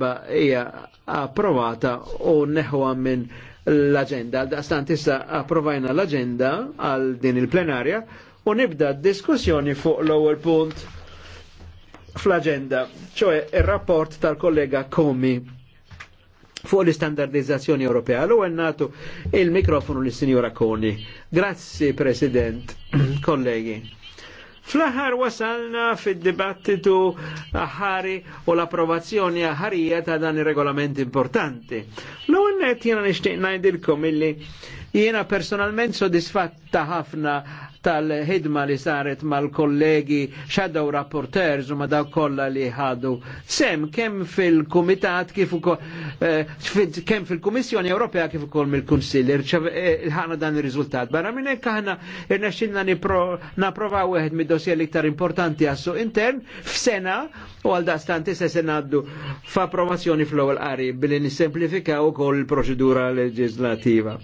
Ba' hija approvata u neħwa minn l-agenda. għal tista approvajna l-agenda għal din il-plenarja u nibda diskussjoni fuq l-ewwel punt fl-agenda, ċoe il-rapport tal-kollega Komi fuq l-istandardizzazzjoni Ewropea. L-u għennatu il-mikrofonu l-Sinjora Koni. Grazzi, President, kollegi. Fl-aħħar wasalna fil dibattitu ħari u l-approvazzjoni ħarija ta' dan ir-regolament importanti. l għunnet jena nishtiq najdilkom illi Jiena personalment sodisfatta ħafna tal-ħidma li saret mal-kollegi shadow rapporteurs u ma daw kollha li ħadu sem kemm fil-kumitat kif ukoll eh, kemm fil-Kummissjoni Ewropea kif ukoll mill-Kunsill eh, ħana dan ir-riżultat. Barra minn hekk aħna irnexxilna napprovaw wieħed mid-dossier iktar importanti għassu intern f'sena u għal dastanti se se ngħaddu f'approvazzjoni fl-ewwel qari billi nissemplifikaw ukoll il-proċedura leġislativa.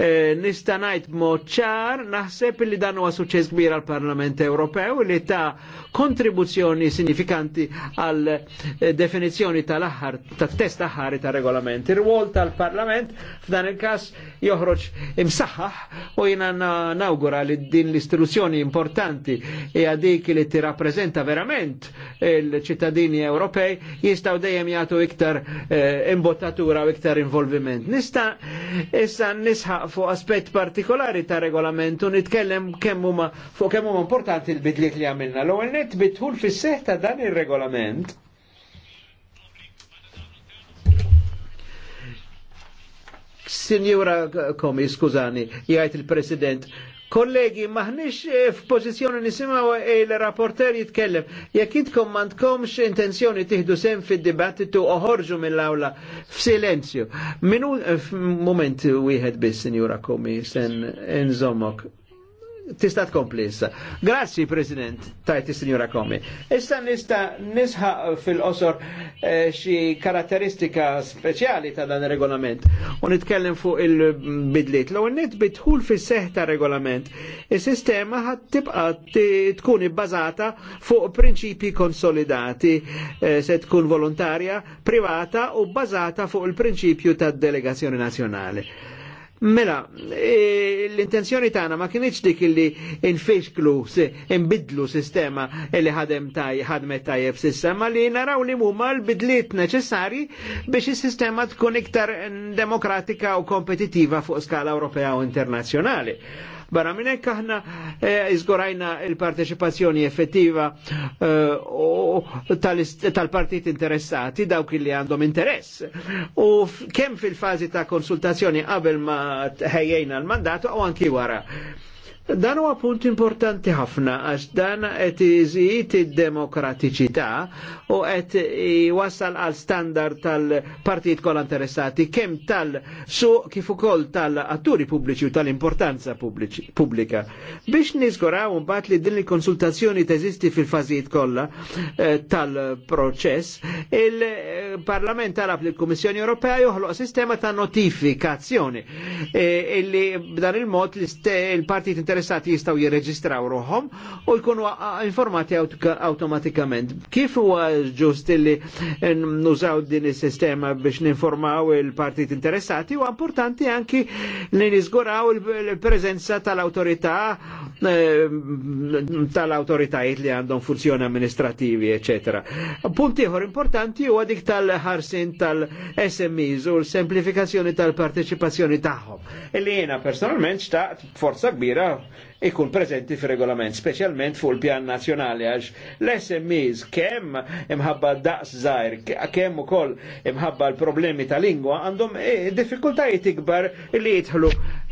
E, Nista' ngħid b'mod ċar, naħseb li dan huwa suċċess kbir għall parlament Ewropew li ta' kontribuzzjoni sinifikanti għal eh, definizzjoni tal-aħħar tat-test aħħari ta' regolament. Ir-rwol tal-Parlament f'dan il-każ joħroġ imsaħħaħ u jiena nawgura li din l-istituzzjoni importanti hija dik li tirrappreżenta verament il-ċittadini Ewropej jistgħu dejjem jagħtu iktar eh, imbottatura u iktar involviment. Nista' issa nisħaq fuq aspett partikolari ta' regolamentu nitkellem kemm huma fuq kemm huma importanti l-bidliet li għamilna. L-ewwel nett bidħul fis-seħ ta' dan ir-regolament. Sinjura Komi, skużani, jgħid il-President, Kollegi, maħnix eh, f'pożizzjoni nisimaw eh, il-rapporter jitkellem. Jekk intkom mandkomx intenzjoni tiħdu sem fid-dibattitu oħorġu mill-awla f'silenzju. Minu eh, moment wieħed biss, Sinjura Komi, sen nżommok tista' tkomplissa. Grazzi, President, tajti Signora Komi. Issa nista nisħa fil-qosor eh, xi karatteristika speċjali ta' dan regolament u nitkellem fuq il-bidliet. Law net bidħul fi seħ ta' regolament, is-sistema ħad tibqa tkun ibbażata fuq prinċipi konsolidati eh, se tkun volontarja, privata u bazata fuq il-prinċipju ta' delegazzjoni nazzjonali Mela, e, l-intenzjoni tagħna ma kienx dik illi se inbidlu sistema li ħadem taj, ħadmet tajjeb sistema li naraw li huma l-bidliet neċessarji biex is-sistema tkun iktar demokratika u kompetitiva fuq skala Ewropea u internazzjonali. Barra minn hekk aħna eh, iżgorajna il-parteċipazzjoni effettiva eh, tal-partit interessati dawk li għandhom interess. U kemm fil fazi ta' konsultazzjoni qabel ma ħejjejna l mandatu u anki wara. Dan huwa punt importanti ħafna għax dan qed iżid id-demokratiċità u qed iwassal għal standard tal-partit kollha interessati kemm tal-suq kif ukoll tal-atturi pubbliċi u tal-importanza pubblika. Biex niżguraw mbagħad li din il-konsultazzjoni teżisti fil-fażijiet kollha eh, tal-proċess, il-Parlament tarab li l-Kummissjoni Ewropea joħloq sistema ta' notifikazzjoni eh, illi b'dan il-mod il-partit interessati interessati jistaw jirreġistraw ruħom u jkunu informati automatikament. Kif huwa ġust li nużaw din is-sistema biex ninformaw il-partit interessati u importanti anki li nizguraw il prezenza tal-autorità eh, tal-autoritajiet li għandhom funzjoni amministrativi, eccetera. Punti importanti huwa dik tal-ħarsin tal-SMEs u l-semplifikazzjoni tal partecipazzjoni tagħhom. Illi jiena personalment xtaqt forza kbira ikun prezenti fil-regolament, specialment fuq il-pjan nazjonali, għax l-SMEs kem imħabba daqs zaħir, kem u koll imħabba l-problemi ta' lingwa, għandhom eh, diffikultajiet ikbar li jitħlu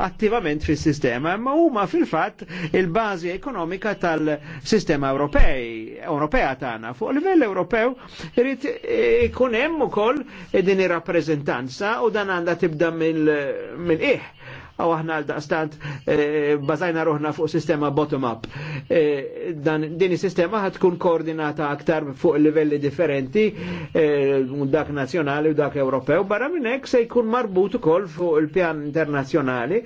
attivament fis sistema ma huma fil-fat il-bazi ekonomika tal-sistema Ewropej, Ewropea tagħna. Fuq livell Ewropew irid eh, ikun hemm ukoll din ir-rappreżentanza u dan għandha tibda mill-qiegħ għaw aħna għal-daqstant eh, bazajna ruħna fuq sistema bottom-up. Eh, dan din sistema ħat tkun koordinata aktar fuq livelli differenti, eh, dak nazjonali u dak Ewropew, barra minnek se jkun marbut ukoll fuq il-pjan internazjonali.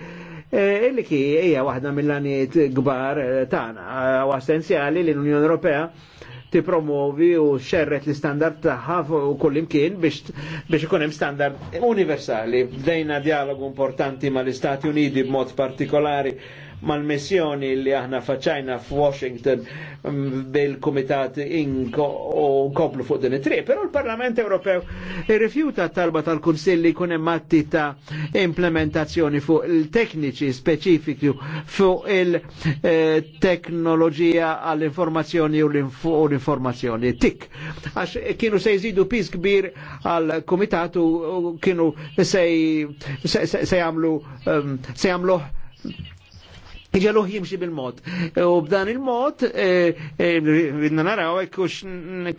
illi ki hija waħda mill-għaniet gbar tagħna, u essenzjali l-Unjoni Ewropea tipromovi u xerret l-standard tagħha u kullimkien biex biex ikun hemm standard universali. Bdejna dialogu importanti mal-Istati Uniti b'mod partikolari mal-missjoni li aħna faċajna f'Washington mm, bil-Kumitat Inko u koplu fuq din it-triq, però l-Parlament Ewropew irrifjuta talba tal-Kunsill li jkun hemm ta' implementazzjoni fuq il-tekniċi speċifiku fuq il-teknoloġija għall-informazzjoni u l-informazzjoni. Tik. Għax kienu se jżidu pis kbir għal u kienu se jagħmlu um, se jagħmluh ġaluħ jimxi bil-mod. U b'dan il-mod, e, e, ridna naraw ekkux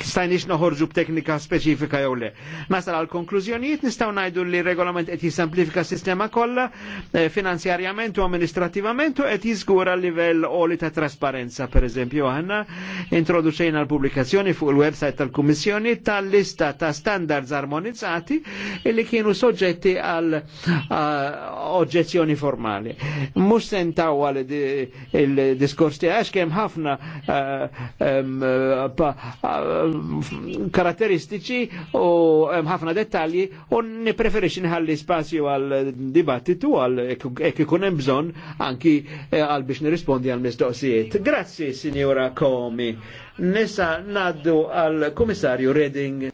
stajnix noħorġu b'teknika specifika jew le. Masal għal konklużjonijiet nistaw najdu li regolament qed jisamplifika sistema kollha e, finanzjarjament u amministrativament u qed jiżgura livell oli ta' trasparenza, per eżempju għanna introduċejna l publikazzjoni fuq il-website tal-Kummissjoni tal-lista ta' standards armonizzati li kienu soġġetti għal oġġezzjoni formali. Mux sentaw għal il-diskors tiegħi għax kemm ħafna eh, eh, karatteristiċi u hemm ħafna dettalji u nippreferixxi nħalli spazju għal dibattitu għal jekk ikun hemm bżonn anki eh, għal biex nirrispondi għal mistoqsijiet. Grazzi, Sinjora Komi. Nisa naddu għal Komissarju Reding.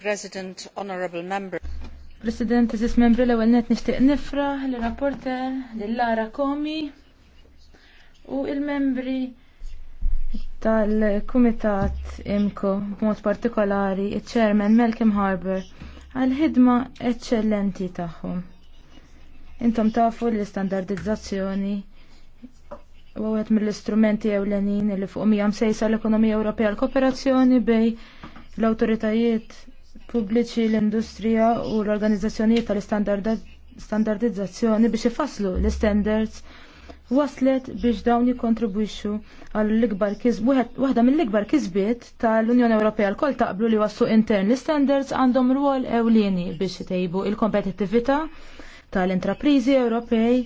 President, Honorable Member. President, Aziz Membri, l-ewel net nishtiq nifra l-rapporter, l-Lara Komi, u il-membri tal-Kumitat Imko b'mod partikolari iċ-Chairman Malcolm Harbour għal-ħidma eċċellenti tagħhom. Intom tafu l-istandardizzazzjoni u għet mill-istrumenti ewlenin li fuq mijam sejsa l-ekonomija Ewropea l-kooperazzjoni bej l-autoritajiet pubbliċi l-industrija u l-organizzazzjonijiet tal istandardizzazzjoni biex ifasslu l-standards waslet biex dawn jikontribwixxu għal l-ikbar kisb waħda mill-ikbar kisbiet tal-Unjoni Ewropea l-kol taqblu li wassu intern standards għandhom rwol ewlieni biex jtejbu il-kompetittività tal-intraprizi Ewropej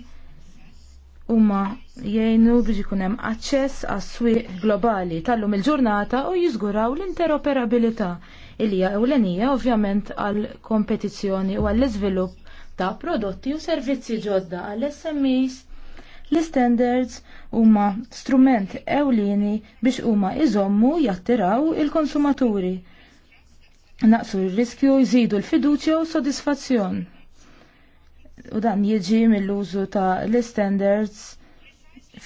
huma jgħinu biex ikun hemm aċċess għas-swieq globali tal-lum il-ġurnata u jiżguraw l-interoperabilità ilija ewlenija ovvjament għal kompetizzjoni u għall-iżvilupp ta' prodotti u servizzi ġodda għall-SMEs L-standards huma strument ewlieni biex huma iżommu jattiraw il-konsumaturi. Naqsu r-riskju jżidu l-fiduċja u s sodisfazzjon. U dan jiġi mill-użu ta' l-standards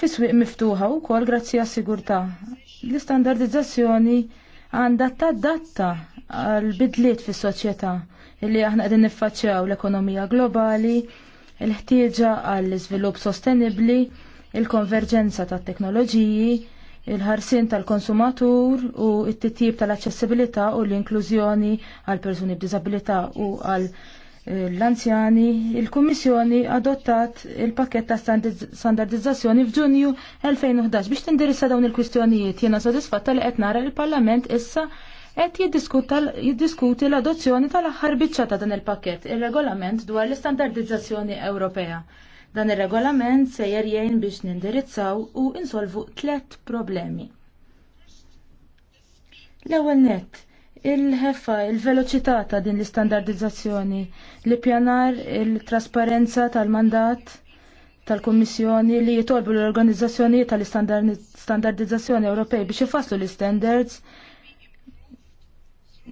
fiswiq miftuħa u kol grazzi għas-sigurtà. L-istandardizzazzjoni għandha tadatta għal bidliet fis-soċjetà illi aħna qegħdin niffaċċjaw l-ekonomija globali, il-ħtieġa għall-iżvilupp sostenibbli, il-konverġenza tat-teknoloġiji, il-ħarsin tal-konsumatur u it-titjib tal-aċċessibilità u l-inklużjoni għal persuni b'diżabilità u għal eh, l-anzjani, il-Kummissjoni adottat il-pakket ta' standardizzazzjoni f'Ġunju 2011 biex tindirissa dawn il-kwistjonijiet. Jiena sodisfatta li qed nara il-Parlament issa qed jiddiskuti l-adozzjoni tal-aħħar biċċa ta' dan il-pakket, ir-regolament dwar l-istandardizzazzjoni Ewropea. Dan ir-regolament sejjer jgħin biex nindirizzaw u insolvu tlet problemi. L-ewwel nett, il-ħefa, il-veloċità ta' din l-istandardizzazzjoni, li pjanar il-trasparenza tal-mandat tal-Kommissjoni li jitolbu l-organizzazzjoni tal-istandardizzazzjoni Ewropej biex ifasslu l-standards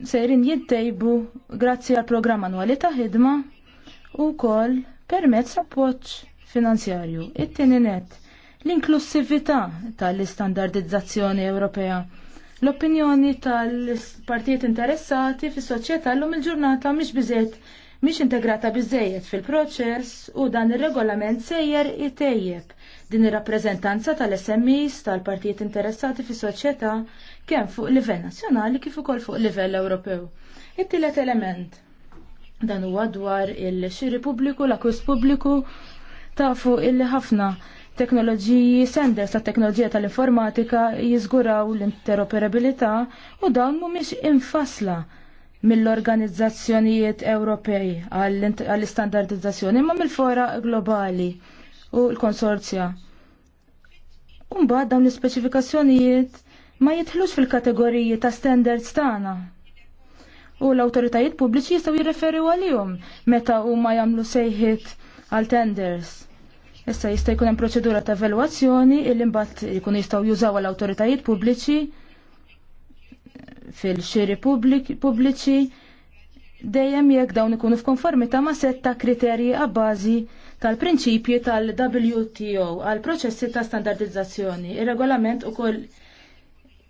sejrin jittejbu grazzi għal programm annwali ta' ħidma u kol permezz appoġġ finanzjarju. It-tieni net l inklussività tal-istandardizzazzjoni Ewropea. L-opinjoni tal-partijiet interessati fis soċjetà l-lum il-ġurnata mhix biżejt mhix integrata biżejjed fil-proċess u dan ir-regolament sejjer itejjeb din ir-rappreżentanza tal-SMEs tal-partijiet interessati fis soċjetà kemm fuq livell nazzjonali kif ukoll fuq livell Ewropew. It-tielet element dan huwa dwar il-xiri pubbliku, l-akkus pubbliku tafu il ħafna teknoloġiji senders ta' teknoloġija tal-informatika jiżguraw l-interoperabilità u dawn mhumiex infasla mill-organizzazzjonijiet Ewropej għall-istandardizzazzjoni imma mill-fora globali u l-konsorzja. Umbagħad dawn l-ispeċifikazzjonijiet ma jitħlux fil-kategoriji ta' standards tagħna. U l-awtoritajiet pubbliċi jistgħu jirreferi għalihom meta huma jagħmlu sejħiet għal tenders. Issa jista' jkun hemm proċedura ta' evalwazzjoni illi mbagħad jkunu jistgħu jużaw għal awtoritajiet pubbliċi fil-xiri pubbliċi dejjem jekk dawn ikunu f'konformità ma' setta kriterji għabbażi tal-prinċipji tal-WTO għal proċessi ta' standardizzazzjoni. Ir-regolament ukoll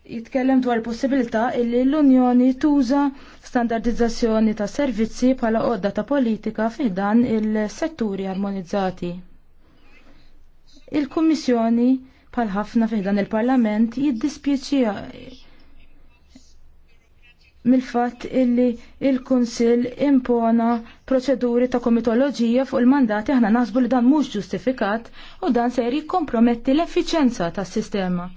jitkellem dwar possibilità illi l-Unjoni tuża standardizzazzjoni ta' servizzi bħala qodda ta' politika fi dan il-setturi armonizzati. Il-Kummissjoni bħal ħafna fi dan il-Parlament jiddispjaċija mill-fatt illi il-Kunsill impona proċeduri ta' komitoloġija fuq il-mandati aħna naħsbu li dan mhux ġustifikat u dan se jrid jikkomprometti l-effiċenza tas-sistema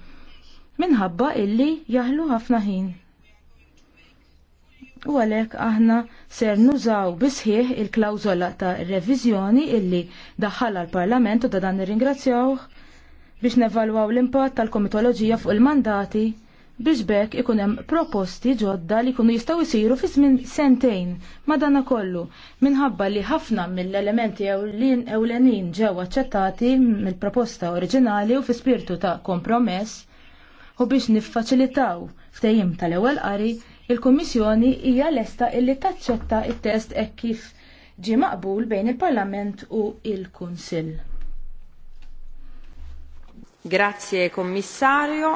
minħabba illi jaħlu ħafna ħin. U għalek aħna ser nużaw bisħieħ il-klawżola ta' revizjoni illi daħħala l-Parlament u da dan nirringrazzjawh biex nevalwaw l-impatt tal-komitoloġija fuq il-mandati biex bekk ikun hemm proposti ġodda li jkunu jistgħu jsiru fi żmien sentejn madana kollu minħabba li ħafna mill-elementi ewlenin ġew aċċettati mill-proposta oriġinali u fi spirtu ta' kompromess u biex niffaċilitaw ftejim tal-ewwel qari, il-Kummissjoni hija lesta illi taċċetta t test hekk kif ġie maqbul bejn il-Parlament u il-Kunsill. Grazie Commissario.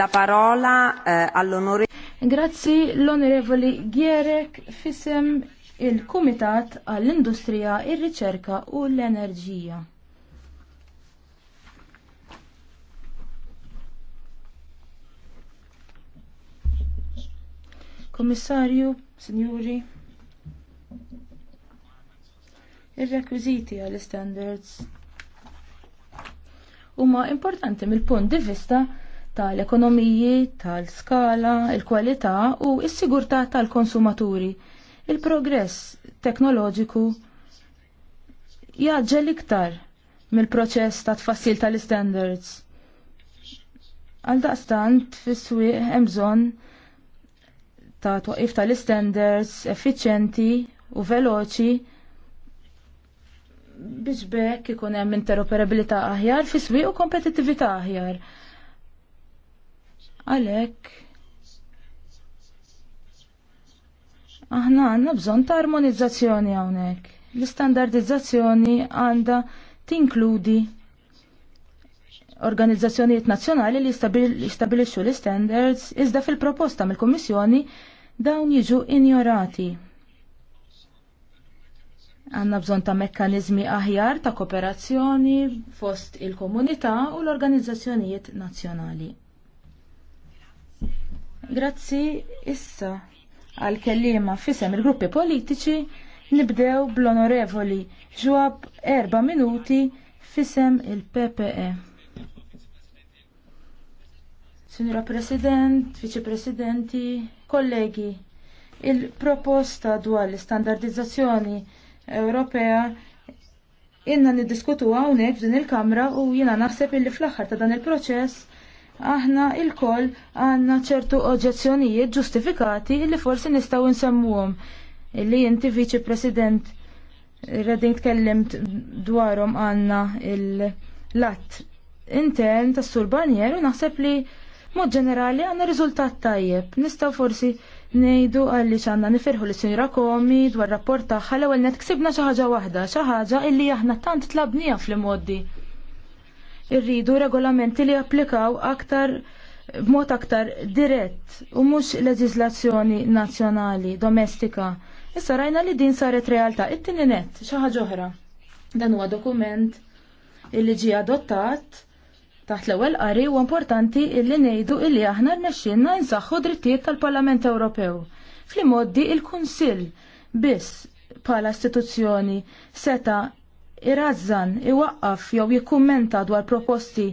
La parola eh, all'onore. Grazzi l-onorevoli Gierek fisem il-Kumitat għall-Industrija, ir-Riċerka u l-Enerġija. Komissarju, Sinjuri, ir-rekwiżiti għall-standards huma importanti mill-punt di vista tal-ekonomiji, tal-skala, il-kwalità u s-sigurtà tal-konsumaturi. Il-progress teknoloġiku jaġġel iktar mill-proċess ta' tfassil tal-standards. Għal daqstant fis-swieq hemm bżonn ta' twaqif tal-standards effiċjenti u veloċi biex bekk ikun hemm interoperabilità aħjar fi swieq u kompetittività aħjar. Għalhekk aħna għandna bżonn ta' armonizzazzjoni hawnhekk. L-istandardizzazzjoni għandha tinkludi organizzazzjonijiet nazzjonali li jistabilixxu l-standards iżda fil-proposta mill-Kummissjoni dawn jiġu injorati. Għanna bżon ta' mekkanizmi aħjar ta' kooperazzjoni fost il-komunità u l-organizzazzjonijiet nazzjonali. Grazzi issa għal kellima fisem il-gruppi politiċi nibdew bl-onorevoli ġwab erba minuti fisem il-PPE. Sinjura President, Viċi Presidenti, kollegi, il-proposta dwar l-standardizzazzjoni Ewropea inna niddiskutu hawnhekk f'din il-Kamra u jiena naħseb illi fl-aħħar ta' dan il-proċess aħna il-koll għandna ċertu oġġezzjonijiet ġustifikati illi forsi nistgħu nsemmuhom illi inti Viċi President Redding tkellimt dwarhom għandna il att intern tas-Sur Barnier u naħseb li Mod ġenerali għanna riżultat tajjeb. Nistaw forsi nejdu għalli xanna nifirħu li sinjura komi dwar rapport taħħa l-ewel net ksibna xaħġa wahda, xaħġa illi aħna tant tlabnija fl-moddi. Irridu regolamenti li applikaw aktar b'mod aktar dirett u mhux leġiżlazzjoni nazzjonali domestika. Issa rajna li din saret realtà it-tieni net xi ħaġa oħra. Dan huwa dokument illi ġie adottat Taħt l-ewwel qari huwa importanti illi ngħidu illi aħna rnexxielna nsaħħu drittijiet tal-Parlament Ewropew. Fl-imoddi il-Kunsill biss bħala istituzzjoni seta irazzan, iwaqqaf jew jikkummenta dwar proposti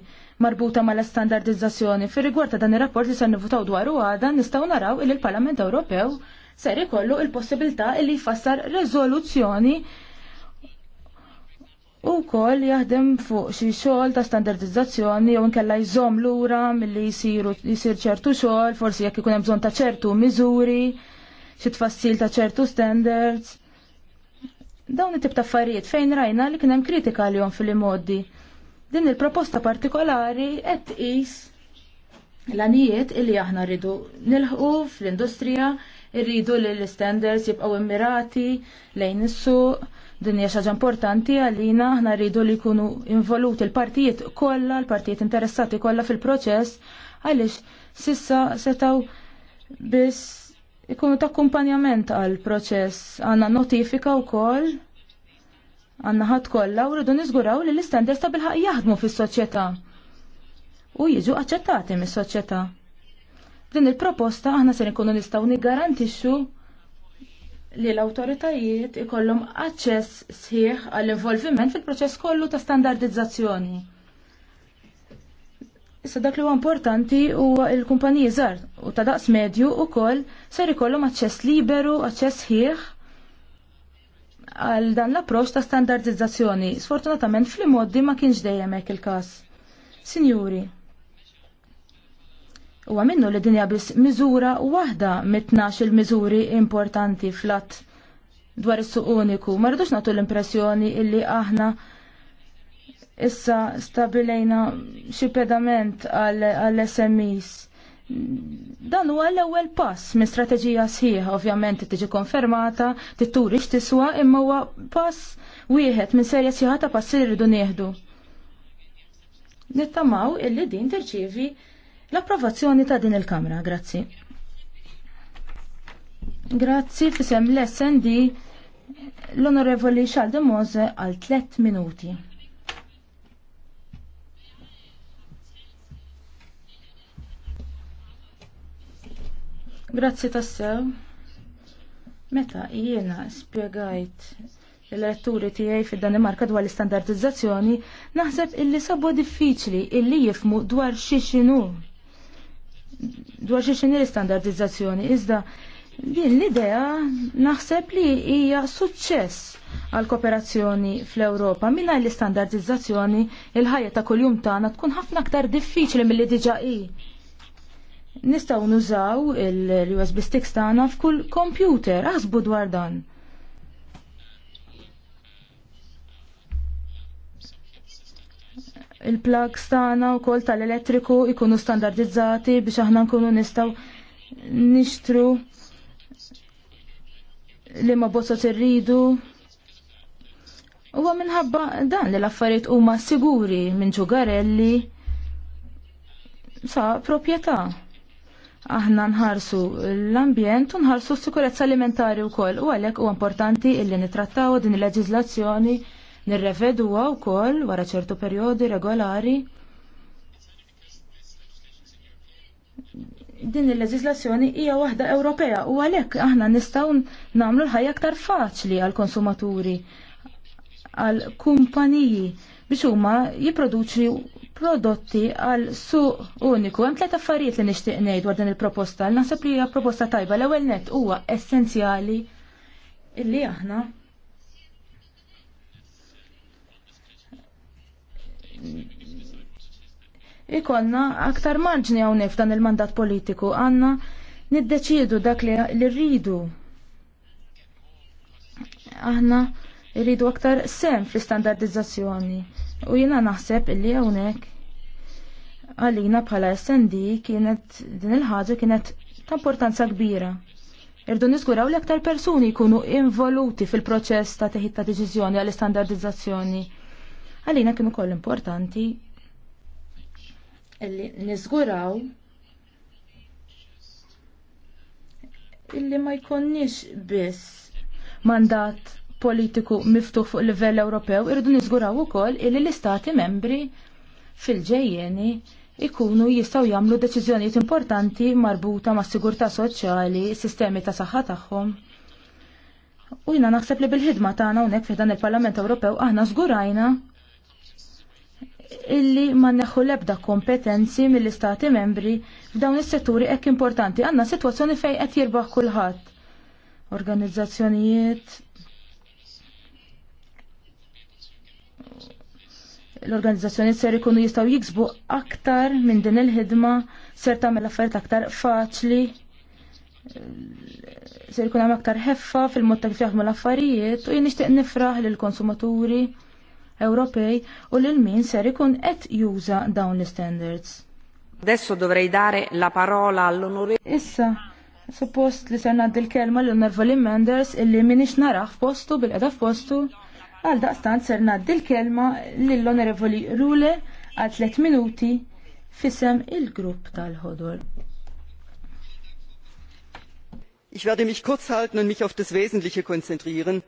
marbuta mal standardizzazzjoni fir rigward ta' dan ir-rapport li se nivutaw dwar u għada nistgħu naraw li l-Parlament Ewropew ser ikollu l possibilità li jfassar riżoluzzjoni U kol jaħdem fuq xi xogħol ta' standardizzazzjoni jew inkella jżomm lura milli jsiru jsir ċertu xogħol, forsi jekk ikun hemm bżonn ta' ċertu miżuri, xi tfassil ta' ċertu standards. Dawn it tib ta' affarijiet fejn rajna li kien hemm kritika jom fil-modi. Din il-proposta partikolari qed tqis l-anijiet illi aħna rridu nilħqu fl-industrija, rridu li l-standards jibqgħu immirati lejn is-suq Din hija xaġa importanti għalina aħna rridu li jkunu involuti l-partijiet kollha, l-partijiet interessati kollha fil-proċess għaliex sissa setaw biss ikunu ta' kumpanjament għal proċess għanna notifika wkoll għandna ħadd kollha u rridu niżguraw li l-istandards ta' bilħaq jaħdmu fis-soċjetà u jiġu aċċettati mis-soċjetà. Din il-proposta aħna se nkunu nistgħu niggarantixxu li l-autoritajiet ikollhom aċċess sħiħ għall-involviment fil-proċess kollu ta' standardizzazzjoni. Issa dak li huwa importanti huwa l-kumpaniji żgħar u ta' daqs medju wkoll ser ikollhom aċċess liberu, aċċess sħiħ għal dan l-approċċ ta' standardizzazzjoni. Sfortunatament fl-imoddi ma kienx dejjem hekk il-każ. Sinjuri, U għamennu li dinja bis miżura wahda mit-12 il-miżuri importanti flat dwar is-suq uniku. Ma rridux nagħtu l-impressjoni illi aħna issa stabilejna xi pedament għall smis Dan huwa l-ewwel pass minn strateġija sħiħa ovvjament tiġi konfermata, x tiswa, imma huwa pass wieħed minn serja sħiħa ta' passi li rridu nieħdu. Nittamaw illi din tirċievi l-approvazzjoni ta' din il-Kamra. Grazzi. Grazzi fisem l-SND l-Onorevoli Mose għal 3 minuti. Grazzi tassew. Meta jiena spiegajt l-elettori tiegħi fid-Danimarka dwar l-istandardizzazzjoni, naħseb illi sabu diffiċli illi jifmu dwar xi xinu dwar xi xini l standardizzazzjoni iżda din l-idea naħseb li hija suċċess għal kooperazzjoni fl-Ewropa minna l-istandardizzazzjoni il-ħajja ta' kuljum tagħna tkun ħafna aktar diffiċli mill-li diġa hi. Nistgħu nużaw il-USB sticks tagħna f'kull computer, aħsbu dwar dan. il-plugs tagħna wkoll tal-elettriku jkunu standardizzati biex aħna nkunu nistgħu nixtru li ma bozzot irridu Huwa minħabba dan li l-affarijiet huma siguri minn ġugarelli sa proprjetà. Aħna nħarsu l-ambjent u nħarsu s-sikurezza alimentari wkoll u għalhekk huwa importanti illi nitrattaw din il-leġiżlazzjoni nirreveduha wkoll wara ċertu perjodi regolari din il-leġislazzjoni hija waħda Ewropea u għalhekk aħna nistgħu nagħmlu l-ħajja aktar faċli għall konsumaturi għall kumpaniji biex huma jipproduċi prodotti għal suq uniku. Hemm tliet affarijiet li nixtieq ngħid dwar din il-proposta. Naħseb li hija proposta tajba. L-ewwel nett huwa essenzjali illi aħna ikonna aktar marġni hawnhekk f'dan il-mandat politiku għandna niddeċiedu dak li rridu. Aħna rridu aktar sem fl-istandardizzazzjoni u jiena naħseb illi hawnhekk għalina bħala SND kienet din il-ħaġa kienet ta' importanza kbira. Irdu niskuraw li aktar persuni jkunu involuti fil-proċess ta' teħid ta' deċiżjoni għall-istandardizzazzjoni Għalina kienu koll importanti illi nizguraw illi ma jkonniex biss mandat politiku miftuħ fuq livell Ewropew irridu niżguraw ukoll illi l-istati membri fil-ġejjeni ikunu jistgħu jagħmlu deċiżjonijiet importanti marbuta mas sigurtà soċjali, sistemi ta' saħħa tagħhom. U jina naħseb li bil-ħidma tagħna hawnhekk f'dan dan il-Parlament Ewropew aħna żgurajna illi ma neħu lebda kompetenzi mill-istati membri f'dawn is-setturi hekk importanti. Għandna sitwazzjoni fejn qed jirbaħ kulħadd. Organizzazzjonijiet l-organizzazzjoni ser ikunu jistaw jiksbu aktar minn din il-ħidma, ser tagħmel affarijiet aktar faċli, ser ikun hemm aktar ħeffa fil-mod kif jaħdmu l-affarijiet u jien nixtieq nifraħ lill konsumaturi Ewropej u lil min ser ikun qed juża dawn l-standards. Adesso dovrei dare la parola all'onorevole. Issa, suppost li ser naddi l-kelma l-onorevoli Menders illi minix nara f'postu bil-qeda f'postu. Għal daqstant ser naddi l-kelma l-onorevoli Rule għal 3 minuti fisem il-grupp tal-ħodor. Ich werde mich kurz halten und mich auf das Wesentliche konzentrieren.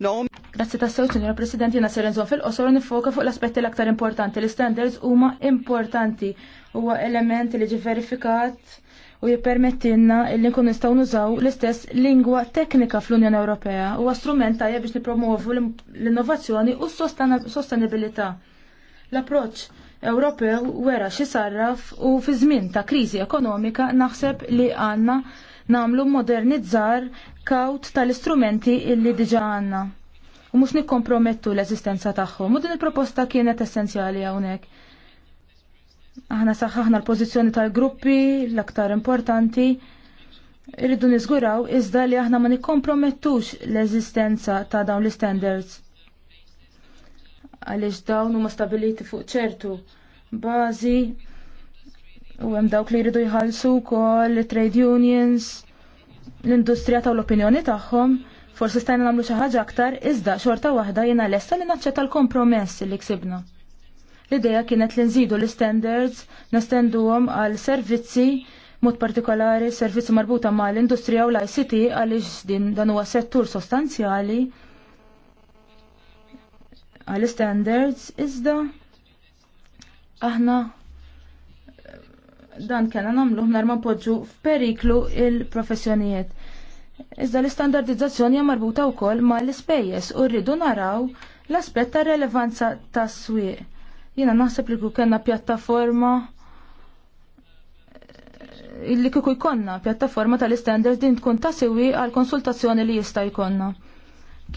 Grazzi ta' sew, Signor President, jena ser zon fil-qosor nifoka fuq l-aspetti l-aktar importanti. L-standards huma importanti, huwa element li ġi verifikat u jippermettilna li nkun nistgħu nużaw l-istess lingwa teknika fl-Unjoni Ewropea huwa strument tajjeb biex nipromovu l-innovazzjoni u s-sostenibilità. L-approċċ Ewropew wera xi sarraf u fi żmien ta' kriżi ekonomika naħseb li għandna namlu modernizzar kaut tal-istrumenti illi diġa għanna. U mux nikkompromettu l-eżistenza tagħhom. U din il-proposta kienet essenzjali hawnhekk. Aħna saħħaħna l-pożizzjoni tal-gruppi l-aktar importanti. Irridu niżguraw iżda li aħna ma nikkompromettux l-eżistenza ta' dawn l-standards. Għaliex dawn huma stabiliti fuq ċertu bażi u hemm dawk li jridu jħallsu wkoll trade unions l-industrija ta' l-opinjoni tagħhom, forsi stajna nagħmlu xi ħaġa aktar, iżda xorta waħda jiena lesta li naċċetta l-kompromess li ksibna. L-ideja kienet li nżidu l-standards, nestenduhom għal servizzi mod partikolari servizzi marbuta ma' l-industrija u l-ICT għaliex din dan huwa settur sostanzjali għal standards iżda aħna dan kellna namluħ nar ma poġġu f'periklu il-professjonijiet. Iżda l-istandardizzazzjoni hija marbuta wkoll ma l-ispejjeż u rridu naraw l-aspett ta' relevanza tas-swieq. Jiena naħseb li kellna pjattaforma li kiku jkollna pjattaforma tal-istandards din tkun ta' siwi għal konsultazzjoni li jista' jkollna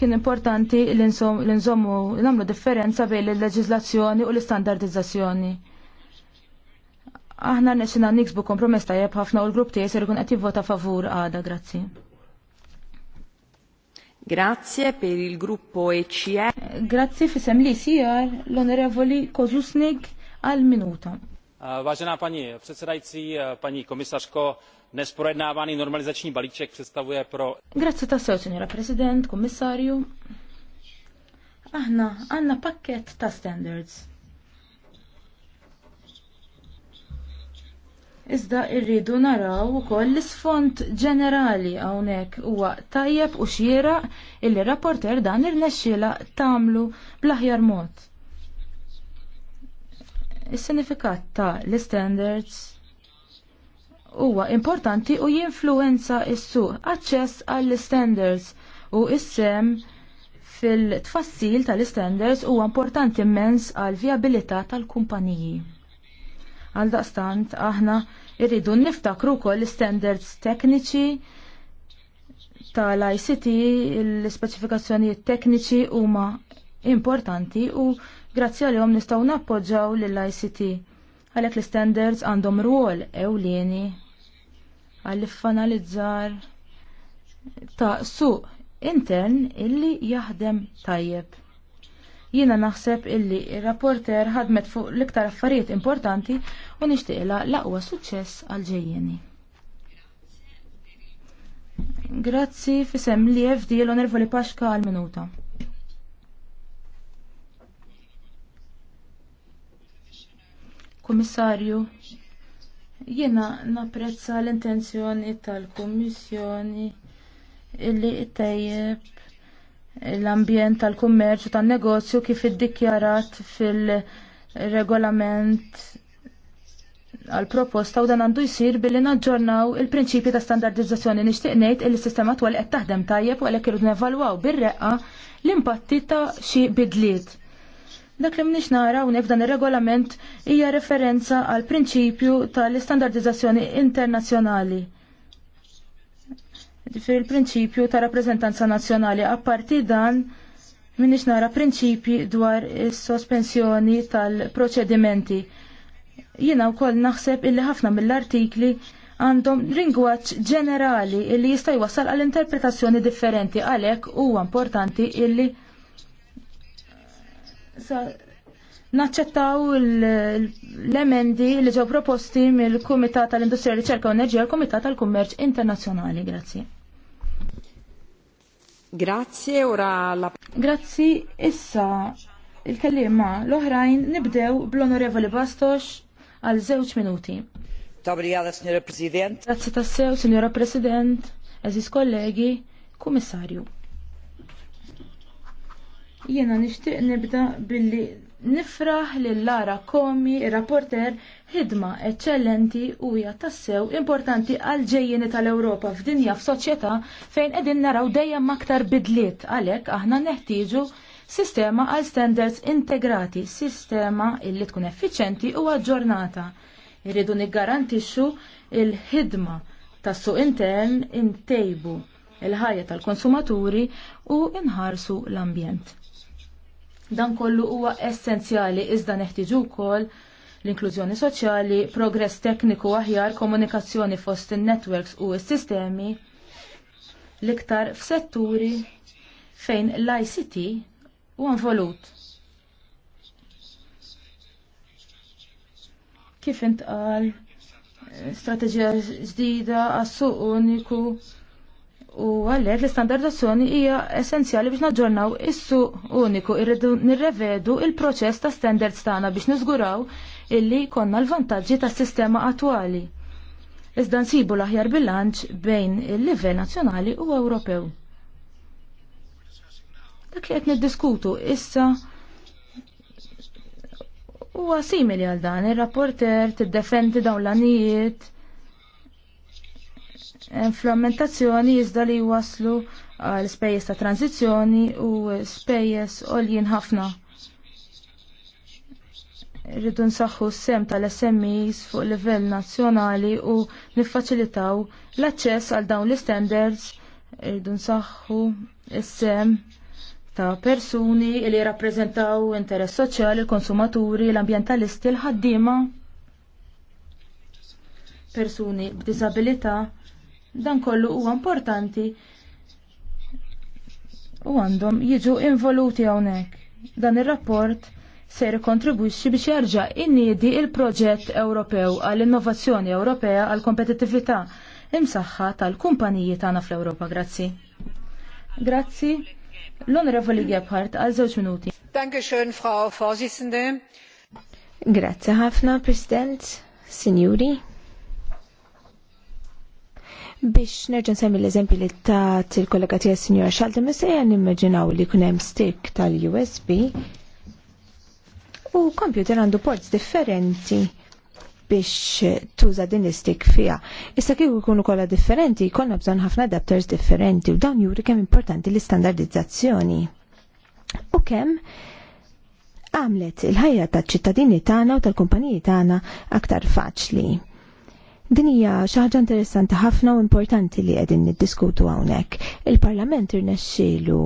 kien importanti l-inżommu namlu differenza bejn il-leġizlazzjoni u l-istandardizzazzjoni. Aħna nesina niksbu kompromess tajjeb ħafna u l-grupp tiegħi ser ikun qed jivvota favur għada, grazzi. Grazie per il gruppo ECE. Grazie fisem li sijar l-onorevoli Kozusnik għal minuta. Eh, vážená paní předsedající, eh, paní komisařko, dnes projednávaný normalizační balíček představuje pro... Grazie ta seo, signora prezident, komisariu. Ahna, Anna paket ta' standards Iżda irridu naraw ukoll l-isfond ġenerali hawnhekk huwa tajjeb u xiera illi rapporter dan irnexxiela tagħmlu bl-aħjar mod. Is-sinifikat ta' l-standards huwa importanti u jinfluenza s-suq aċċess għall-standards u is fil-tfassil tal-standards huwa importanti immens għall viabilità tal-kumpaniji. Għaldaqstant aħna irridu niftakru wkoll l-standards tekniċi tal-ICT, l-speċifikazzjonijiet tekniċi huma importanti u grazzi għalihom nistgħu nappoġġaw lill-ICT. Għalhekk l-standards għandhom rwol ewlieni għall-iffanalizzar ta' suq intern illi jaħdem tajjeb. Jiena naħseb illi il-rapporter ħadmet fuq l-iktar affarijiet importanti u nishtiqla l-aqwa suċċess għal ġejjeni. Grazzi fisem li FD l li Paxka għal minuta. Komissarju, jiena napprezza l-intenzjoni tal-Kummissjoni illi it-tajjeb l-ambjent tal-kummerċu tan-negozju kif iddikjarat fil-regolament għal proposta u dan għandu jisir billi naġġornaw il-prinċipji ta' standardizzazzjoni nixtieq ngħid li s-sistema twal qed taħdem tajjeb u għalhekk irid nevalwaw bir-reqqa l-impatti ta' xi bidliet. Dak li mniex nara hawnhekk f'dan ir-regolament hija referenza għal prinċipju tal-istandardizzazzjoni internazzjonali fil-prinċipju ta' rappreżentanza nazzjonali. Apparti dan, minix nara prinċipji dwar is-sospensjoni tal-proċedimenti. Jiena wkoll naħseb illi ħafna mill-artikli għandhom ringwaċ ġenerali illi jista' wasal għal interpretazzjoni differenti għalhekk huwa importanti illi naċċettaw l-emendi li ġew proposti mill-Kumitat tal-Industrija e Riċerka u Enerġija u l-Kumitat tal-Kummerċ Internazzjonali. Grazzi. Grazzi, ora la... Grazzi, issa il-kellima l-oħrajn nibdew bl-Onorevoli Bastos għal żewġ minuti. Tabrijada, Signora President. Grazzi tassew, Signora President, eżis kollegi, Kummissarju. Jena nishtiq nibda billi Nifraħ lil Lara Komi, ir-rapporter, ħidma eċċellenti u hija tassew importanti għal ġejjeni tal-Ewropa f'dinja f'soċjetà fejn qegħdin naraw dejjem aktar bidliet għalhekk aħna neħtieġu sistema għal standards integrati, sistema illi tkun effiċenti u aġġornata. Irridu niggarantixxu il-ħidma tas-suq intern intejbu il-ħajja tal-konsumaturi u inħarsu l-ambjent. Dan kollu huwa essenzjali iżda neħtiġu wkoll l-inklużjoni soċjali, progress tekniku aħjar, komunikazzjoni fost in-networks u s-sistemi l-iktar f'setturi fejn l-ICT u involut. Kif intqal strateġija ġdida għas-suq uniku U għallet l-istandardazzjoni hija essenzjali biex naġġornaw is-suq uniku irridu nirrevedu il-proċess ta' standards tagħna biex niżguraw illi konna l-vantaġġi tas-sistema attwali. Iżda nsibu l-aħjar bilanċ bejn il-livell nazzjonali u Ewropew. Dak li qed niddiskutu issa huwa simili għal dan ir-rapporter tiddefendi dawn l-anijiet implementazzjoni iżda li waslu għal spejjes ta' tranzizzjoni u spejjeż għoljien ħafna. Rridu nsaħħu s-sem tal-SMEs fuq livell nazzjonali u niffaċilitaw l-aċċess għal dawn l-standards rridu nsaħħu s-sem ta' persuni li rappresentaw interess soċjali, konsumaturi, l-ambientalisti, l-ħaddima, persuni b'disabilita' Dan kollu huwa importanti u għandhom jiġu involuti hawnhekk. Dan ir-rapport ser kontribwixxi biex jerġa' inniedi il-proġett Ewropew għall innovazzjoni Ewropea għall kompetittività imsaħħa tal-kumpaniji tagħna fl-Ewropa. Grazzi. Grazzi. L-Onorevoli Gebhardt għal żewġ minuti. schön, Frau Vorsitzende. Grazzi ħafna, President, Signori. Biex nerġan semmi l-eżempi li ta' il-kollega tija signora xalta, mis-sejja nimmaġinaw li kunem stick tal-USB u computer għandu ports differenti biex tuża din l-stick fija. Issa kieku jkunu kollha differenti, jkollna bżonn ħafna adapters differenti u dawn juri kemm importanti l-istandardizzazzjoni. U kemm għamlet il-ħajja taċ ċittadini tagħna u tal-kumpaniji tagħna aktar faċli. Din hija xi ħaġa interessanti ħafna u importanti li qegħdin niddiskutu hawnhekk. Il-Parlament irnexxielu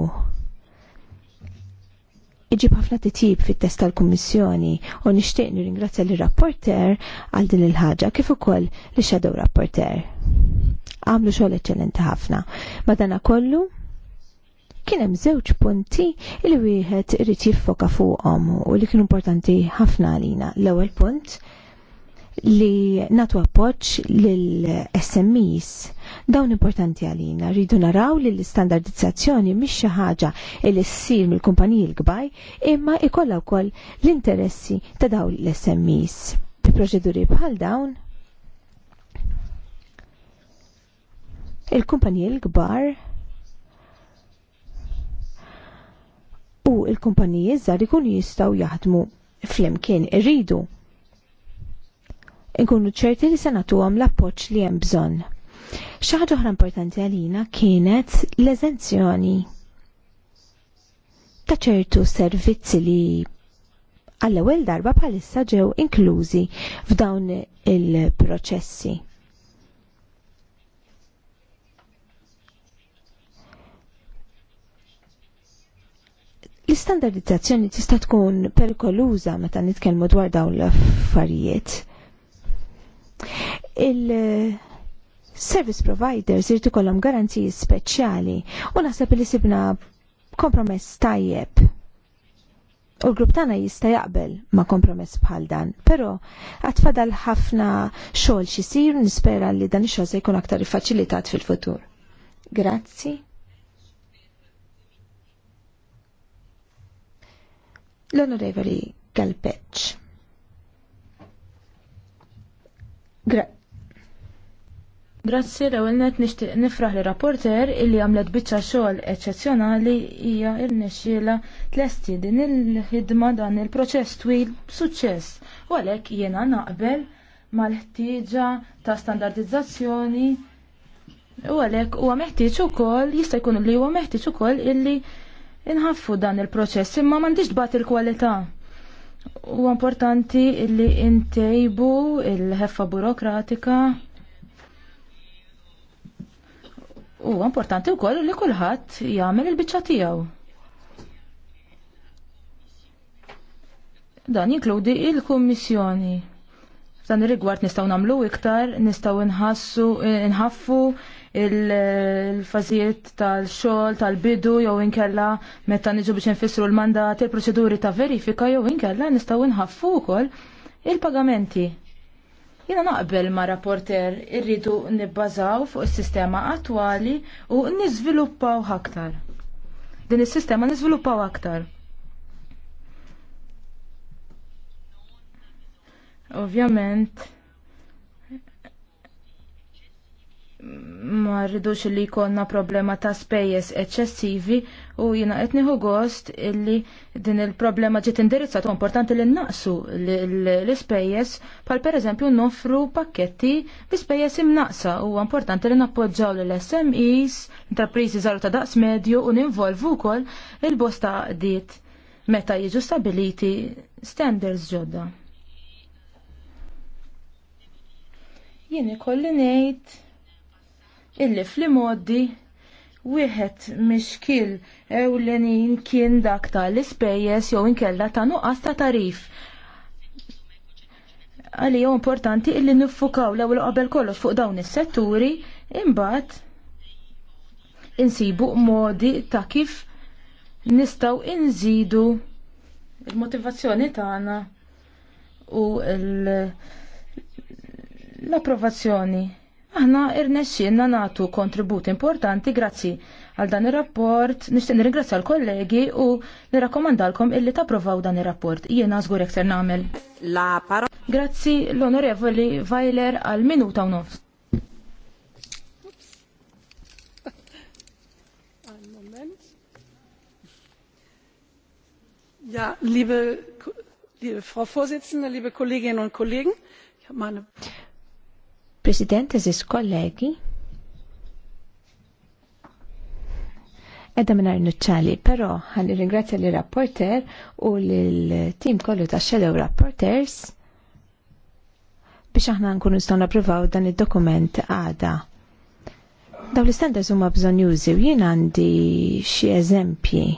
iġib ħafna titjib fit-test tal-Kummissjoni u nixtieq nirringrazzja l rapporter għal din il-ħaġa kif ukoll li xadow rapporter. Għamlu xogħol eċċellenti ħafna. Madana kollu kien hemm żewġ punti li wieħed irid jiffoka fuqhom u li kienu importanti ħafna għalina. L-ewwel punt li natu appoċ lill-SMEs. Dawn importanti għalina, rridu naraw li l-standardizzazzjoni mhix xi ħaġa li ssir mill-kumpaniji l-kbar, imma ikollha wkoll l-interessi ta' dawn l-SMEs. Bi proċeduri bħal dawn, il-kumpaniji l-kbar u il-kumpaniji żgħar ikunu jistgħu jaħdmu flimkien irridu nkunu ċerti li se nagħtuhom l-appoġġ li hemm bżonn. Xi ħaġa oħra importanti għalina kienet l-eżenzjoni ta' ċertu servizzi li għall-ewwel darba bħalissa ġew inklużi f'dawn il-proċessi. L-istandardizzazzjoni tista' tkun perikoluża meta nitkellmu dwar dawn l-affarijiet. Il- service providers irtu kollom garanziji speċjali u naħseb li sibna kompromess tajjeb. U l-grupp tagħna jista' jaqbel ma' kompromess bħal dan, però għatfadal ħafna xogħol xi jsir nispera li dan ix-xogħol se jkun aktar ifaċilitat fil-futur. Grazzi. L-Onorevoli Galpeċ. Gra Grazzi l-ewwel nifraħ li rapporter illi għamlet biċċa xogħol eċċezzjonali hija rnexxiela tlesti din il-ħidma dan il-proċess twil b'suċċess u għalhekk jiena naqbel mal-ħtieġa ta' standardizzazzjoni u għalhekk huwa meħtieġ ukoll jista' jkun li huwa meħtieġ ukoll illi inħaffu dan il-proċess imma m'għandix tbagħat il-kwalità. U importanti li intejbu il-ħeffa burokratika u importanti wkoll li kulħadd jagħmel il-biċċa tiegħu. Dan jinkludi il-Kummissjoni. F'dan ir-rigward nistgħu nagħmlu iktar, nistgħu nħassu eh, nħaffu il-fazijiet tal-xogħol tal-bidu jew inkella meta niġu biex nfissru l-mandat, il-proċeduri ta' verifika jew inkella nistgħu nħaffu wkoll il-pagamenti. Jiena naqbel ma' rapporter irridu nibbażaw fuq is-sistema attwali u niżviluppaw aktar. Din is-sistema niżviluppaw aktar. Ovvjament ma rridux li jkollna problema ta' spejjeż eċċessivi u jina etniħu gost illi din il-problema ġiet indirizzat u importanti li naqsu l-spejjeż pal per eżempju nofru pakketti bi spejjeż imnaqsa u importanti li nappoġġaw l-SMEs, intrapriżi zaru ta' daqs medju u ninvolvu wkoll il-bosta dit meta jiġu stabiliti standards ġodda. Jien ikolli ngħid illi fl-modi wieħed mixkil ewlenin kien dak tal-ispejjeż jew inkella ta' nuqqas ta' tarif. Għalli jew importanti illi niffukaw l-ewwel qabel kollox fuq dawn is-setturi imbagħad insibu modi ta' kif nistgħu inżidu il-motivazzjoni tagħna u l-approvazzjoni Aħna irnexxinna natu kontribut importanti grazzi għal dan ir-rapport, nixtieq nirringrazzja l-kollegi u nirrakkomandalkom illi tapprovaw dan ir-rapport. Jiena żgur hekk ser nagħmel. La parola. Grazzi l-Onorevoli Weiler għal minuta u nofs. Ja, liebe, liebe Frau Vorsitzende, liebe Kolleginnen und Kollegen, ich habe meine President, eżis kollegi. Edda minar nuċċali, pero għalli ringrazzja li rapporter u l team kollu ta' Shadow Rapporters biex aħna nkunu nistgħu napprovaw dan id-dokument għada. Daw l-istandards huma bżonn jużi u jien għandi xi eżempji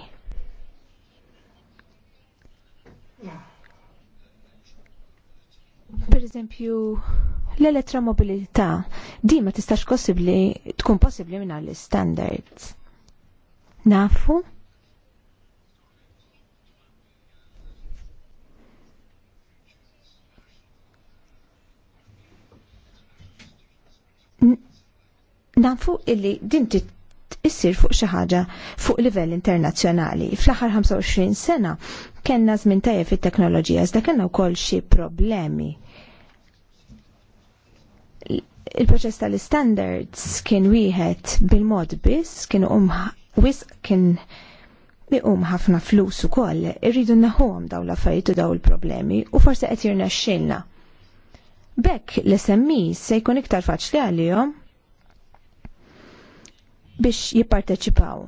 per eżempju l-elettromobilità di ma tistax possibli tkun possibli minn l standards Nafu? Nafu illi din issir fuq xi ħaġa fuq livell internazzjonali. Fl-aħħar 25 sena kellna żmien tajjeb fit-teknoloġija iżda kellna wkoll xi problemi il-proċess tal-standards kien wieħed bil-mod biss, kien um wis kien miqum ħafna flus ukoll, irridu naħuhom daw l-affarijiet u daw il-problemi u forsi qed jirna xxilna. Bekk l-SMI se jkun iktar faċli għalihom biex jipparteċipaw.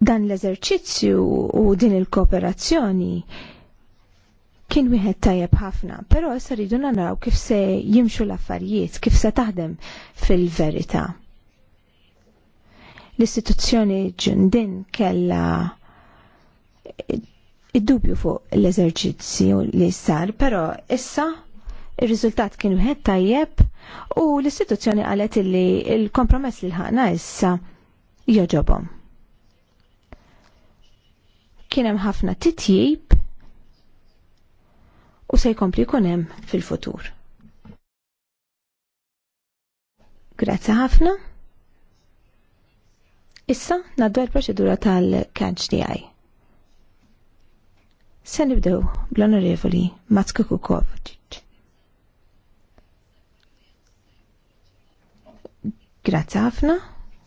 dan l-eżerċizzju u din il-kooperazzjoni kien wieħed tajjeb ħafna, però issa rridu naraw kif se jimxu l-affarijiet, kif se taħdem fil-verità. L-istituzzjoni ġundin kella id-dubju fuq l-eżerċizzju li sar, però issa il riżultat kien wieħed tajjeb u l-istituzzjoni qalet li l-kompromess li ħana issa jogħġobhom kien hemm ħafna titjib u se jkompli jkun hemm fil-futur. Grazzi ħafna. Issa naddu l-proċedura tal-kanċ tiegħi. Se nibdew bl-onorevoli Matzka Kukovic. Grazzi ħafna,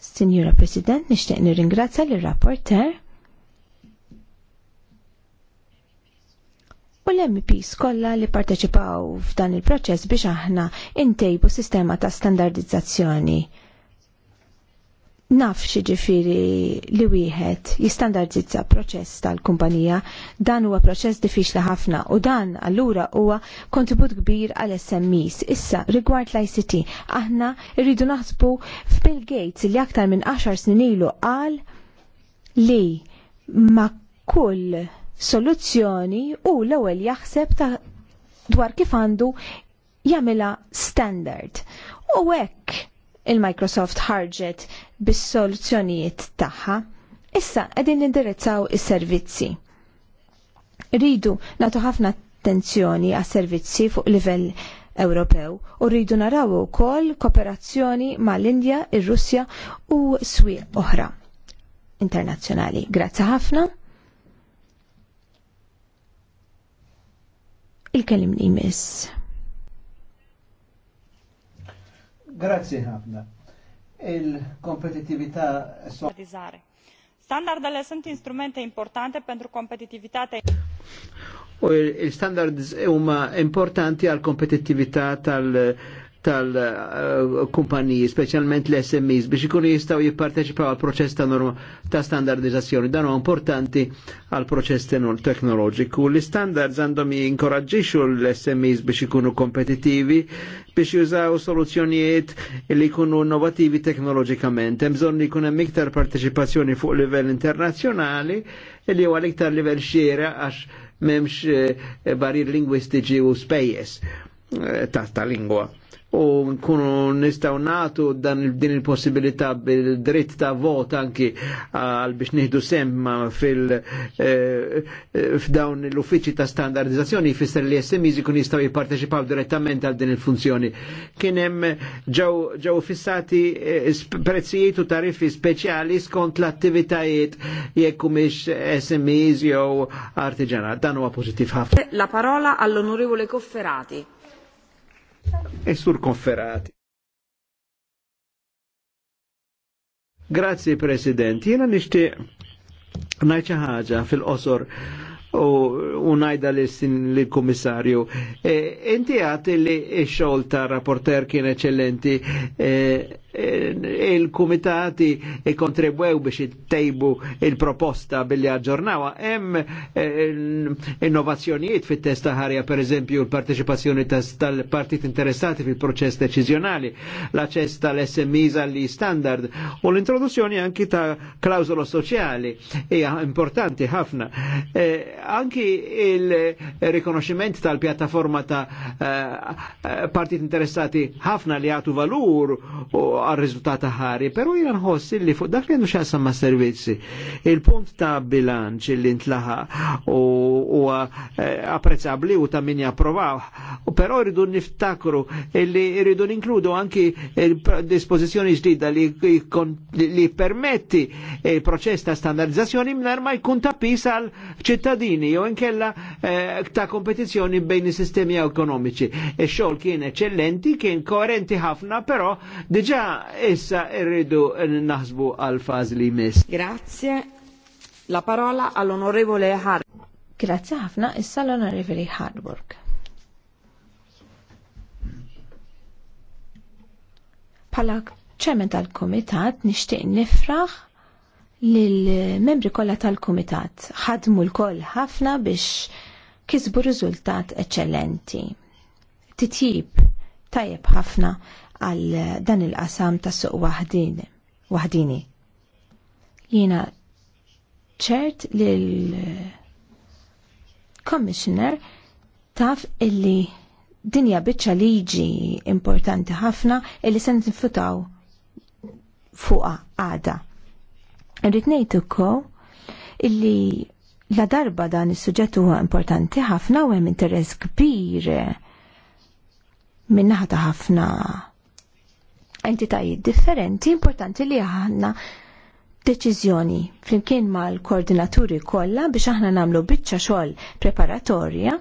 Sinjura President, nixtieq nirringrazzja l rapporter l-MPs kollha li parteċipaw f'dan il-proċess biex aħna intejbu sistema ta' standardizzazzjoni. Naf xiġifieri li wieħed jistandardizza proċess tal-kumpanija, dan huwa proċess diffiċli ħafna u dan allura huwa kontribut kbir għal SMEs. Issa rigward l-ICT, aħna rridu naħsbu f'Bill Gates li aktar minn 10 snin ilu qal li ma' kull soluzzjoni u l-ewwel jaħseb ta' dwar kif għandu jagħmilha standard. U hekk il-Microsoft ħarġet bis-soluzzjonijiet tagħha. Issa qegħdin nindirizzaw is-servizzi. Ridu nagħtu ħafna attenzjoni għas servizzi fuq livell Ewropew u rridu naraw ukoll kooperazzjoni mal-Indja, ir-Russja u swieq oħra internazzjonali. Grazzi ħafna. il-kelim li jmiss. Grazie ħafna. Il-kompetitività so Standardele sunt instrumente importante pentru competitivitatea u il standard huma e importanti għal kompetittività tal tal-kumpaniji, specialment l-SMEs, biex ikunu jistaw jipparteċipaw għal proċess ta' norma ta' standardizzazzjoni. Dan huwa importanti għal proċess teknoloġiku. L-standards għandhom jinkoraġġixu l-SMEs biex ikunu kompetitivi, biex jużaw soluzzjonijiet li jkunu innovativi teknoloġikament. Hemm bżonn li jkun hemm iktar parteċipazzjoni fuq livell internazzjonali li huwa l-iktar livell xiera għax memx eh, barir lingwistiċi u spejjes eh, ta' lingwa u nkunu nistaw natu dan din il-possibilità bil-dritt ta' vot anki għal biex nieħdu semma fil- eh, eh, f'dawn l-uffiċi ta' standardizzazzjoni jfisser li SMI jkun jistaw jipparteċipaw direttament għal din il-funzjoni. Kien hemm ġew fissati eh, prezzijiet u tariffi speċjali skont l-attivitajiet jekk mhix SMEs jew artiġana. Dan huwa pożittiv ħafna. La parola all'onorevole Cofferati. Is-sur e konferati. Grazie President, jena nishtiq najċa ħaġa fil-qosor u najda l-komissarju. E, inti għati li xol ta' rapporter kien eccellenti. E, il-kumitati kontribwew biex ittejbu il-proposta billi aġġornawa. Hemm eh, innovazzjonijiet fit testa ħarja per eżempju l-parteċipazzjoni tal-partit interessati fil-proċess deċiżjonali, l-aċċess tal-SMEs għalli standard u l-introduzzjoni anki ta' klawzolo soċjali hija importanti ħafna. Eh, anki il-rikonoxximent tal-pjattaforma ta' eh, partit interessati ħafna li għatu valur u għal-rizultat ħari, pero jina nħoss li fuq dak li għandu xaqsam ma' servizzi. Il-punt ta' bilanċ li ntlaħa u eh, apprezzabli u ta' min japprovaw, pero rridu niftakru li rridu ninkludu anki il dispozizjoni ġdida li permetti il-proċess ta' standardizzazzjoni minn ma jkun ta' pis għal ċittadini jew inkella eh, ta' kompetizjoni bejn is-sistemi ekonomiċi. E xol kien eccellenti, kien koerenti ħafna, pero diġa' issa irridu naħsbu għal faż li jmiss. Grazie. La parola all'onorevole Hard. Grazie ħafna, issa l-onorevole Harburg. Pala ċemen tal-komitat nishtiq nifraħ lil membri kollha tal-kumitat ħadmu l-koll ħafna biex kisbu riżultat eċċellenti. Titjib tajjeb ħafna għal dan il-qasam ta' suq wahdini. Jiena ċert li l-Commissioner taf illi dinja bieċa liġi importanti ħafna illi sen nfutaw fuqa għada. Rrit ngħid ukoll illi la darba dan is-suġġett huwa importanti ħafna u hemm interess kbir minnaħa ta' ħafna entitajiet differenti importanti li aħna deċiżjoni flimkien mal-koordinaturi kollha biex aħna nagħmlu biċċa xogħol preparatorja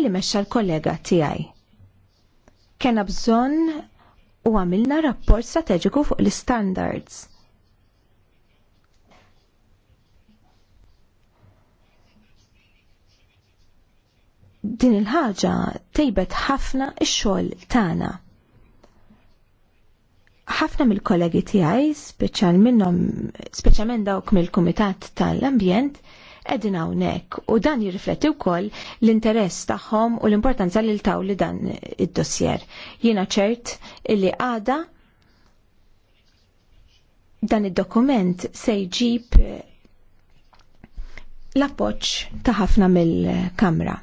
illi mexxa l-kollega tiegħi. Kena bżonn u għamilna rapport strateġiku fuq l-standards. din il-ħaġa tejbet ħafna ix xogħol tagħna. Ħafna mill-kollegi tiegħi, speċjal minnhom speċjalment dawk mill-Kumitat tal-Ambjent, qegħdin hawnhekk u dan jirrifletti wkoll l-interess tagħhom u l-importanza li ltaw li dan id-dossier. Jiena ċert illi għada dan id-dokument se jġib l-appoġġ ta' ħafna mill-Kamra.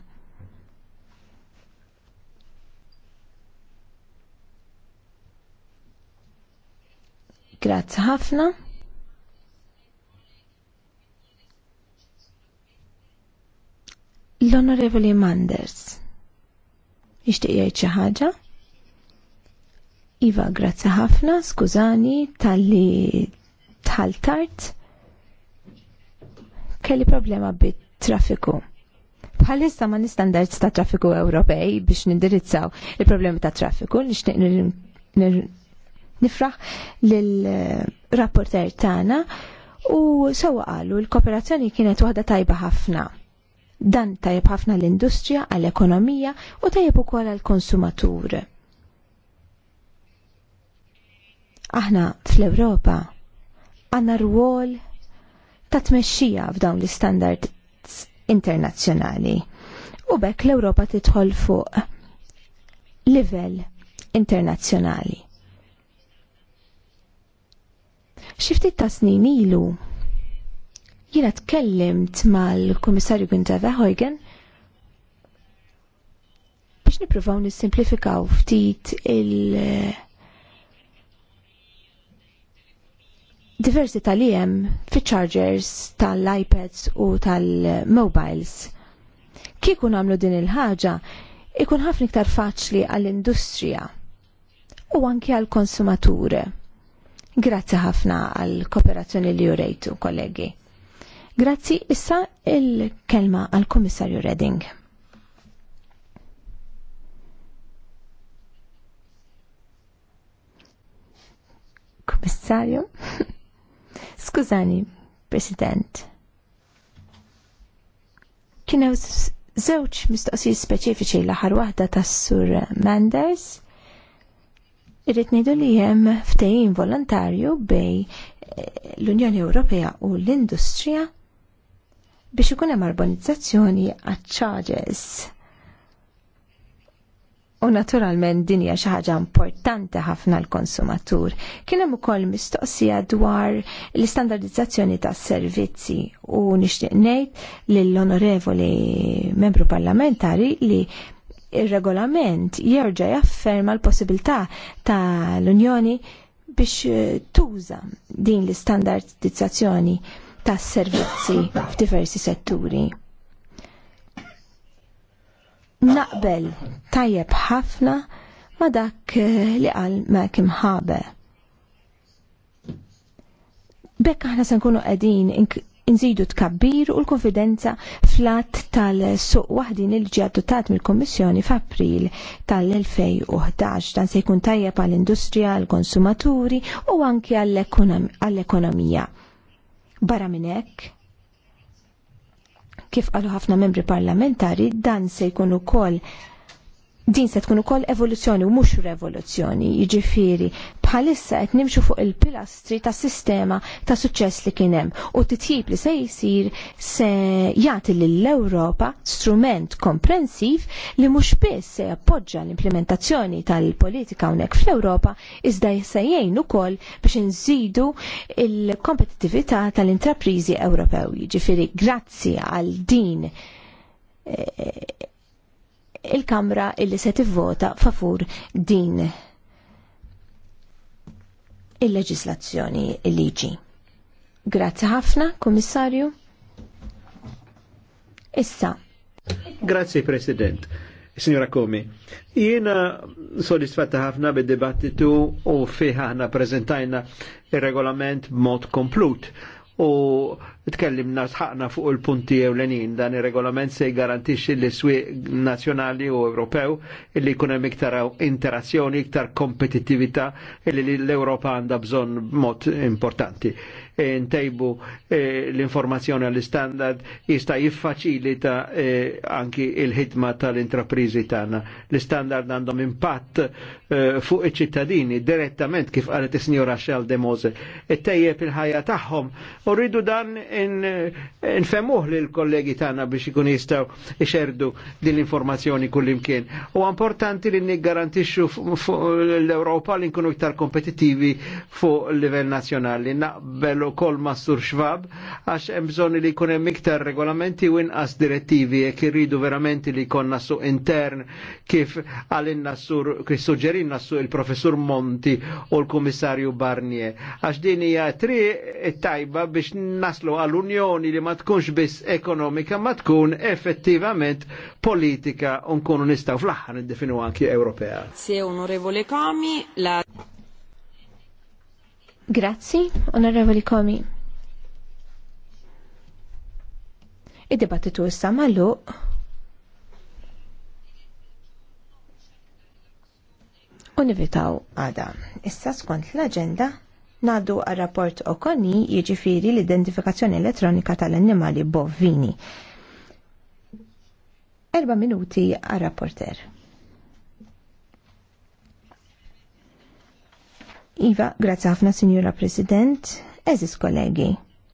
Grazzi ħafna. L-Onorevoli Manders. Ixtiq jgħid xi ħaġa? Iva, grazzi ħafna, skużani tal-li tħaltart. Kelli problema bit-traffiku. Bħalissa ma standards ta' traffiku Ewropej biex nindirizzaw il-problemi ta' traffiku, nixtieq nifraħ lill-rapporter tagħna u sewa għalu l-kooperazzjoni kienet waħda tajba ħafna. Dan tajb ħafna l-industrija, għall-ekonomija u tajb ukoll għall-konsumatur. Aħna fl-Ewropa għandna rwol ta' tmexxija f'dawn l standard internazzjonali. U bekk l-Ewropa tidħol fuq livell internazzjonali. Xiftit ta' snin ilu jiena tkellimt mal-Kummissarju Gunter Verheugen biex nippruvaw nissimplifikaw ftit il- diversi tal-iem fi chargers tal-iPads u tal-mobiles. Kieku namlu din il-ħaġa, ikun ħafna iktar faċli għall-industrija u anki għall-konsumaturi. Grazzi ħafna għal kooperazzjoni li jurejtu, kollegi. Grazzi issa il-kelma għal komissarju Redding. Komissarju? Skużani, President. Kienew zewċ mistoqsijiet speċifiċi l-aħħar waħda tas-Sur Manders Irrid ngħidu li hemm ftejn volontarju bej eh, l-Unjoni Ewropea u l-Industrija biex ikun hemm arbonizzazzjoni għat charges U naturalment din hija xi ħaġa importanti ħafna l-konsumatur. Kien hemm ukoll mistoqsija dwar l-istandardizzazzjoni tas-servizzi u nixtieq ngħid lill-onorevoli membru parlamentari li ir-regolament jerġa' jafferma l-possibilità tal-Unjoni biex eh, tuża din l-istandardizzazzjoni tas servizzi f'diversi setturi. Naqbel tajjeb ħafna ma dak eh, li qal ma kimħabe. Bekk aħna se nkunu qegħdin nżidu tkabbir u l-konfidenza flat tal-suq waħdin il ġi adottat mill-Kommissjoni f'April tal-2011 dan se jkun tajjeb għall-industrija, għall-konsumaturi u anki għall-ekonomija. Barra minn hekk, kif qalu ħafna membri parlamentari, dan se jkun ukoll din se tkun ukoll evoluzzjoni u mhux revoluzzjoni, jiġifieri bħalissa qed nimxu fuq il-pilastri ta' sistema ta' suċċess li kien hemm u titjib li se jsir se jagħti lill-Ewropa strument komprensiv li mhux biss se jappoġġa l-implementazzjoni tal-politika hawnhekk fl-Ewropa iżda se jgħin ukoll biex inżidu il-kompetittività tal-intrapriżi Ewropew. Jiġifieri grazzi għal din eh, il-Kamra illi se tivvota favur din il-leġislazzjoni liġi. Grazzi ħafna, Komissarju. Issa. Grazie President. Signora Komi, jiena soddisfatta ħafna bid-dibattitu u fiħ ħana prezentajna il-regolament mod komplut u tkellimna sħaqna fuq il-punti ewlenin dan ir-regolament se jgarantixxi l swieq nazzjonali u Ewropew illi jkun hemm iktar interazzjoni, iktar kompetittività illi l-Ewropa għandha bżonn mod importanti. E ntejbu e, l-informazzjoni għall-istandard jista' jiffaċilita e, anki il-ħidma tal-intrapriżi tagħna. L-istandard għandhom impatt fuq iċ-ċittadini direttament kif qalet is-Sinjora Demose. Ittejjeb il-ħajja tagħhom u rridu dan nfemmuh li l-kollegi tagħna biex ikun jistgħu ixerdu din l-informazzjoni kullimkien. U importanti li niggarantixxu l-Ewropa li nkunu iktar kompetittivi fuq livell nazzjonali. Naqbel ukoll ma' Sur Schwab għax hemm bżonn li jkun hemm iktar regolamenti u inqas direttivi jekk irridu verament li jkollna suq intern kif għalin nassur, kif suġġerinna nassu il-professur Monti u l-Kummissarju Barnier. Għax din hija tri tajba biex naslu l unjoni li ma tkunx biss ekonomika, ma tkun effettivament politika kunu nistaw fl-aħħar niddefinu anki Ewropea. Se onorevole Komi, la. Grazzi, onorevoli Komi. Id-dibattitu issa maluq. U għada. Issa skont l-agenda Nadu għal rapport okoni jieġifiri l-identifikazzjoni elettronika tal-annimali bovini. Erba minuti għal rapporter. Iva, grazzi ħafna, Signora President, eżis kollegi.